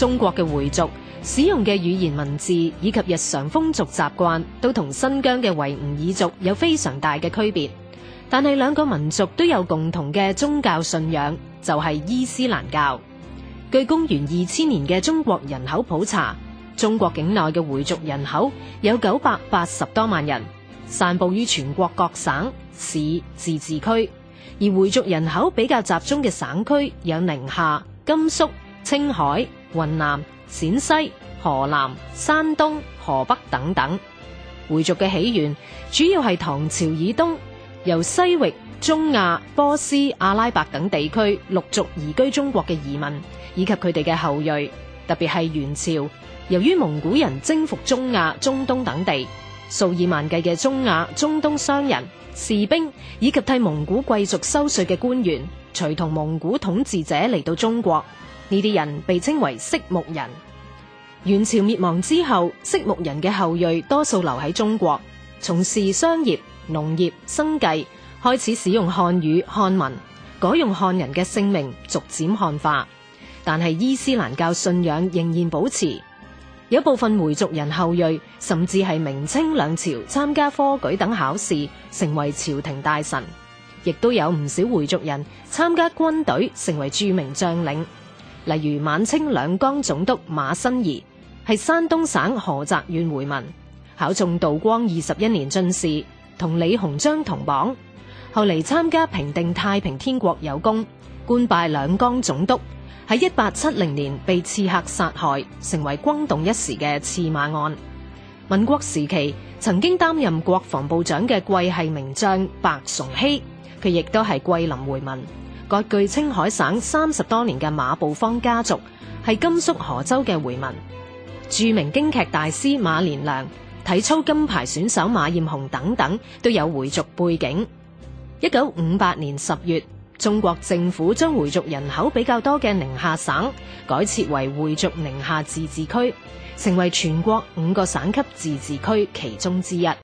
中國嘅回族使用嘅語言文字以及日常風俗習慣都同新疆嘅維吾爾族有非常大嘅區別，但係兩個民族都有共同嘅宗教信仰，就係伊斯蘭教。據公元二千年嘅中國人口普查，中國境內嘅回族人口有九百八十多萬人，散布於全國各省、市、自治區。而回族人口比較集中嘅省區有寧夏、甘肅、青海。雲南、陝西、河南、山東、河北等等，回族嘅起源主要係唐朝以東，由西域、中亞、波斯、阿拉伯等地區陸續移居中國嘅移民，以及佢哋嘅後裔。特別係元朝，由於蒙古人征服中亞、中東等地，數以萬計嘅中亞、中東商人、士兵，以及替蒙古貴族收稅嘅官員。隨同蒙古統治者嚟到中國，呢啲人被稱為色目人。元朝滅亡之後，色目人嘅後裔多數留喺中國，從事商業、農業生計，開始使用漢語漢文，改用漢人嘅姓名，逐漸漢化。但係伊斯蘭教信仰仍然保持。有部分回族人後裔甚至係明清兩朝參加科舉等考試，成為朝廷大臣。亦都有唔少回族人參加軍隊，成為著名將領，例如晚清兩江總督馬新貽，係山東省菏澤縣回民，考中道光二十一年進士，同李鴻章同榜，後嚟參加平定太平天國有功，官拜兩江總督，喺一八七零年被刺客殺害，成為轟動一時嘅刺馬案。民國時期曾經擔任國防部長嘅桂系名將白崇禧。佢亦都係桂林回民，割據青海省三十多年嘅馬步芳家族係甘肅河州嘅回民，著名京劇大師馬連良、體操金牌選手馬艷紅等等都有回族背景。一九五八年十月，中國政府將回族人口比較多嘅寧夏省改設為回族寧夏自治區，成為全國五個省級自治區其中之一。